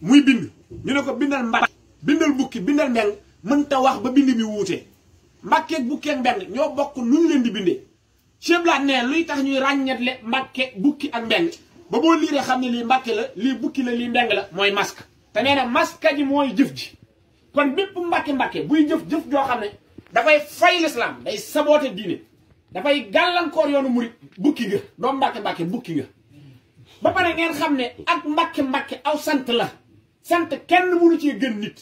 muy bind ñu ne ko bindal mbàkk bindal bukki bindal mbeng mënta wax ba bind mi wuute mbàkkeeg bukkeeg mbeng ñoo bokk nu ñu leen di bindee Cheikh Blaat ne luy tax ñuy ràññetle mbàkke bukki ak mbeng ba boo liiree xam ne lii mbàkke la lii bukki la lii mbeng la mooy masque te nee na masque ji mooy jëf ji kon bépp mbàkke mbàkke buy jëf-jëf joo xam ne dafay fay lislaam day saboote diine dafay gàllankoor yoonu murit bukki nga doo mbàkke mbàkke bukki nga ba pare ngeen xam ne ak mbàkke mbàkke aw sant la sant kenn mënu cee gën nit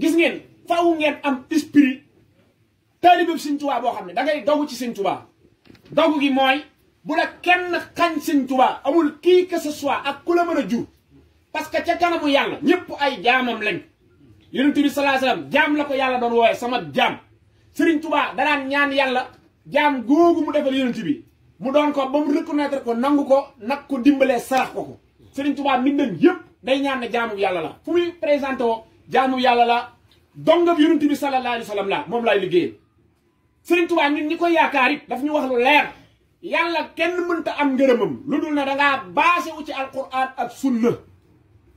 gis ngeen faaw ngeen am esprit taalibeeb sëñ tubaa boo xam ne da ngay dogu ci sëñ tubaa dogu gi mooy bu la kenn xañ sëñ tubaa amul kii que ce soit ak ku la mën a jur parce que ca kanamu yàlla ñëpp ay jaamam lañ yonent bi salaa salaam jaam la ko yàlla doon wooye sama jaam sëriñ tubaa danaan ñaan yàlla jaam googu mu defal yonent bi mu doon ko ba mu reconnaître ko nangu ko nag ko dimbalee sarax ko ko sëriñ tubaa mbindam yëpp day ñaan ne jaamu yàlla la fu muy présenté woo jaamu yàlla la dongab yonent bi sallallahu alayhi wa sallam la moom laay liggéeyal Sëriñ Tuubaa ñun ñi koy yaakaar dafa ñu wax lu leer yàlla kenn mënta am ngërëmam lu dul ne dangaa baase wu ci alquran ak sunna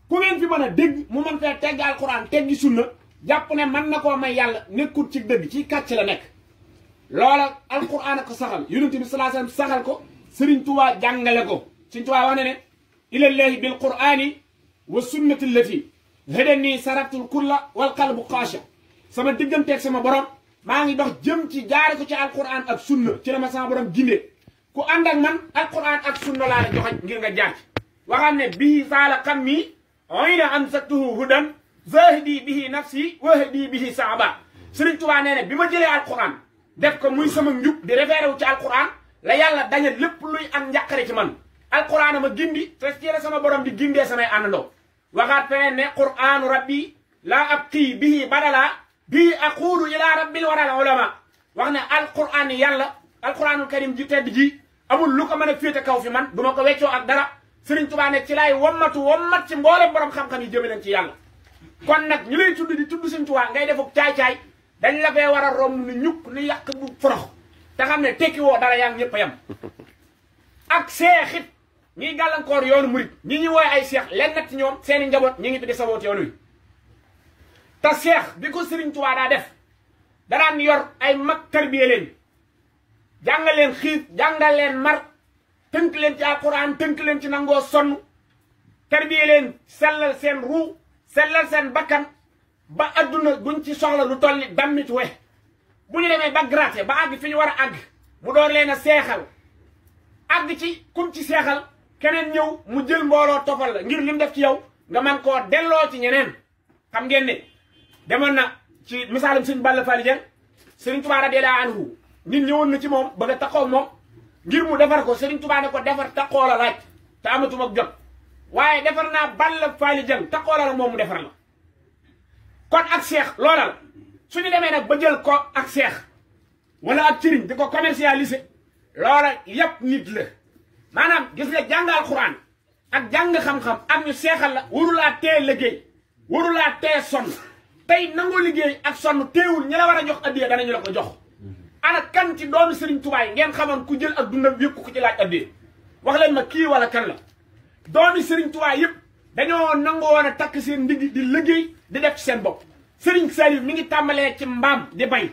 ku ngeen fi mën a dégg mu mën fee tegg alquran teggi sunna jàpp ne mën na koo may yàlla nekkul ci dëgg ci kàcc la nekk loola alquran a ko saxal yonent bi sallallahu saxal ko Sëriñ Tuubaa jàngale ko Sëriñ Tuubaa wa sunnati lati hedani saratul kulla wal qalbu qaasha sama digganteeg sama borom maa ngi dox jëm ci jaare ko ci alquran ak sunna ci la ma sama borom gindee ku ànd ak man alquran ak sunna laa la joxaj ngir nga jaar ci waxaan ne bihi saala xam mi oyna amsaktuhu hudan zahdi bihi nafsi wahdi bihi saaba Sëriñ Tuubaa nee bi ma jëlee alquran def ko muy sama njub di référé wu ci alquran la yàlla daña lépp luy am njàqare ci man alquran ma gindi te sama borom di gindee samay àndandoo waxaat feneen ne qur'aanu rabbi laa abqi bihi badala bii aquulu ila rabbil waral ulama wax ne alquran yàlla alquranul karim ji tedd ji amul lu ko mën a féete kaw fi man du ma ko weccoo ak dara Sëriñ Tuubaa ne ci laay wammatu wammat ci mboolem borom xam-xam yi jëme ci yàlla kon nag ñu lay tudd di tudd Sëriñ Tuubaa ngay de caay-caay dañ la fee war a romb ni ñukk ni yàq bu forox te xam ne tekki woo dara yaa ngi ñëpp ñiy gàllankoor yoonu murit ñi ñuy wooye ay seex lenn nag ci ñoom seeni njaboot ñi ngi tudde saboot yoon wi te seex bi ko Sëriñ Tuubaa daa def danaan yor ay mag tarbiye leen jàngal leen xiif jàngal leen mar tënk leen ci alquran tënk leen ci nangoo sonn tarbiye leen sellal seen ruu sellal seen bakkan ba adduna buñ ci soxla lu toll ni dammit we bu ñu demee ba gratte ba àgg fi ñu war a àgg mu door leen a seexal àgg ci kum ci seexal keneen ñëw mu jël mbooloo toppal la ngir li mu def ci yow nga man koo delloo ci ñeneen xam ngeen ne demoon na ci misaalum sëñ Balla Fally Dieng sëriñ Tuubaa radiyallaahu anhu nit ñëwoon na ci moom ba a taxaw moom ngir mu defar ko sëriñ Tuubaa ne ko defar taxaw la laaj te amatuma jot waaye defar naa Balla Fally Dieng taxaw la moom mu defar la kon ak seex loola suñu demee nag ba jël ko ak seex wala ak ciriñ di ko commercialiser loola yëpp nit la maanaam gis nga jàngal xuraan ak jàng xam-xam ak ñu seexal la warulaa tee liggéey warulaa tee sonn tey nangoo liggéey ak sonn teewul ñi war a jox addiya danañu la ko jox ana kan ci doomi Serigne Touba yi ngeen xamoon ku jël ak dundam yëpp ku ci laaj addiya wax leen ma kii wala kan la doomi Serigne Touba yëpp dañoo nangoo woon a takk seen ndigg di liggéey di def ci seen bopp Serigne Saliou mi ngi tàmbalee ci mbaam di bay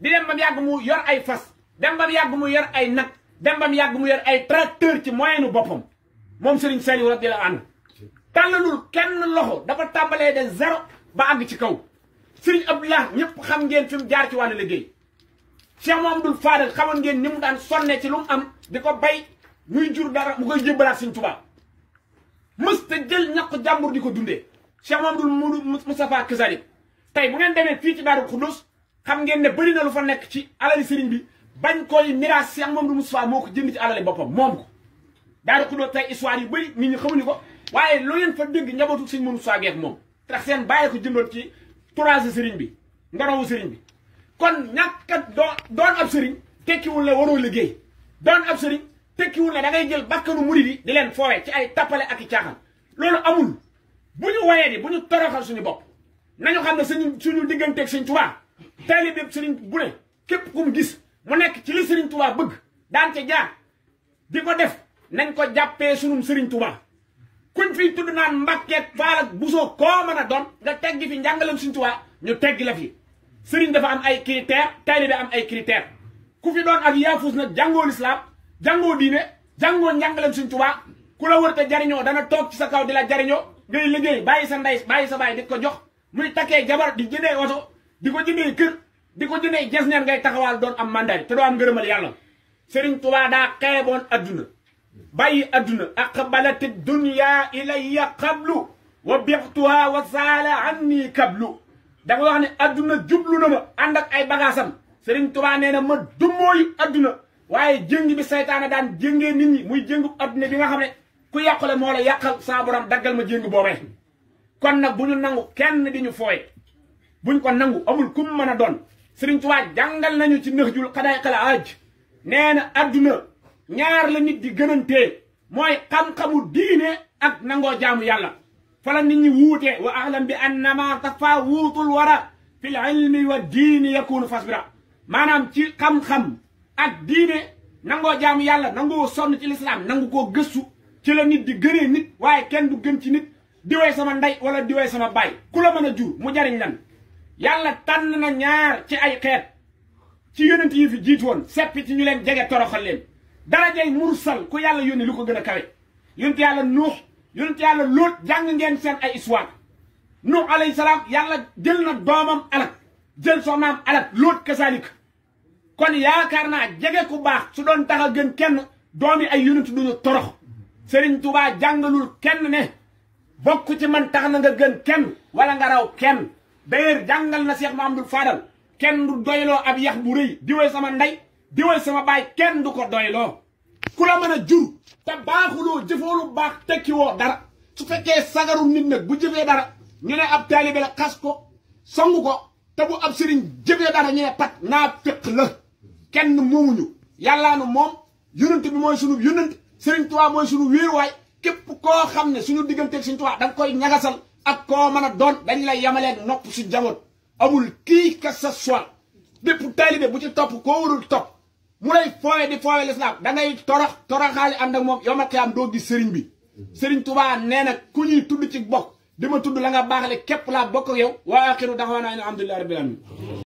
di dem ba mu yàgg mu yor ay fas dem ba mu yàgg mu yor ay nag dem bam yàgg mu yor ay tracteur ci moyenu boppam moom sëriñ Saliou radiyallahu anhu tàllalul kenn loxo dafa tàmbalee de zéro ba àgg ci kaw sëriñ Abdoulah ñëpp xam ngeen fi mu jaar ci wàllu liggéey Cheikh Mamadou Fadal xamoon ngeen ni mu daan sonne ci lu am di ko bay muy jur dara mu koy jébbalaat sëriñ Tuubaa mës te jël ñàkk jàmbur di ko dundee Cheikh Mamadou Moustapha Kasari tey bu ngeen demee fii ci Daaru Xudus xam ngeen ne bëri na lu fa nekk ci alali sëriñ bi bañ koy miraas Cheikh Mamadou Moustapha moo ko jënd ci alale boppam moom ko ku xudoo tey histoire yu bëri nit ñi xamuñu ko waaye loo leen fa dégg njabootu sëñ Mamadou Moustapha geek moom tax seen bàyyi ko jëndoon ci tourage sëriñ bi ngorowu sëriñ bi kon ñàkkat doo doon ab sëriñ tekkiwul la waroo liggéey doon ab sëriñ tekkiwul la da ngay jël bakkanu murid yi di leen foowee ci ay tappale ak i caaxaan loolu amul bu ñu woyee di bu ñu toroxal suñu bopp nañu xam ne suñu suñu digganteeg sëñ Tuubaa taalibe bépp sëriñ bu képp ku mu gis mu nekk ci li Serigne Touba bëgg daan ca jaar di ko def nañ ko jàppee sunum Serigne Touba kuñ fi tudd naan mbàkkeek faal ak busoo koo mën a doon nga teggi fi njàngalam Serigne Touba ñu teggi la fi Serigne dafa am ay critère taalibe am ay critère ku fi doon ak yaafus nag jàngoo lislaam jàngoo diine jàngoo njàngalam Serigne Touba ku la wër te jariñoo dana toog ci sa kaw di la jariñoo ngay liggéey bàyyi sa ndey bàyyi sa baay di ko jox muy takkee jabar di jëndee oto di ko jëndee kër di ko jëndee ges neen ngay taxawaal doon am mandat te doo am ngërëmal yàlla Serigne Touba daa xeeboon adduna bàyyi adduna aqbalati dunya ilayya qablu wa bixtuha wa saala anni kablu dafa wax ne adduna jublu na ma ànd ay bagaasam Serigne Touba nee na ma dummooyu adduna waaye jëng bi saytaane daan jëngee nit ñi muy jëngu adduna bi nga xam ne ku yàqule moo la yàqal saa daggal ma jëng boobee kon nag bu ñu nangu kenn di ñu fooye buñ kon nangu amul kum mën a doon Sëriñ Tuubaa jàngal nañu ci nëx jul xadaay xala aaj nee na ñaar la nit di gënantee mooy xam-xamu diine ak nangoo jaamu yàlla fala nit ñi wuute wa ahlam bi annama tafawutul wara fil ilmi wa diini yakunu fasbira maanaam ci xam-xam ak diine nangoo jaamu yàlla nangoo sonn ci lislaam nangu ko gëstu ci la nit di gënee nit waaye kenn du gën ci nit diwee sama ndey wala diwee sama baay ku la mën a jur mu jariñ lan yàlla tànn na ñaar ci ay xeet ci yonent yi fi jiitu woon seppi ci ñu leen jege toroxal leen darajay mursal ko yàlla yónni lu ko gën a kawe yonent yàlla nuux yonent yàlla lóot jàng ngeen seen ay histoire nuux alayhi salaam yàlla jël na doomam alal jël soxnaam alal lóot kasaalik kon yaakaar naa jege ko baax su doon tax a gën kenn doomi ay yonent duñu torox Serigne Touba jàngalul kenn ne bokk ci man tax na nga gën kenn wala nga raw kenn d'ailleurs jàngal na Cheikh Mamadou Fadal kenn du doyloo ab yax bu rëy diwee sama ndey diwee sama baay kenn du ko doyloo ku la mën a jur te baaxuloo jëfoolu baax tekki woo dara su fekkee sagaru nit nag bu jëfee dara ñu ne ab taalibe la xas ko songu ko te bu ab sëriñ jëfee dara ñu ne pat naa féq la kenn moomuñu yàllaa nu moom yonent bi mooy sunu yonent sëriñ Tuubaa mooy sunu wéeruwaay képp koo xam ne suñu digganteeg sëriñ Tuubaa da nga koy ñagasal ak koo mën a doon dañ lay yemaleeg nopp su jamono amul kii que ce soit bépp taalibe bu ci topp koo warul topp mu lay fooye di fooye lislaam da ngay torox toroxaali ànd ak moom yomal xiyaam doo gis sëriñ bi sëriñ Tuubaa nee na ku ñuy ci bokk di ma tudd la nga baaxale képp laa bokk ak yow waa axiru daxawaanaa alhamdulillahi rabbil alamin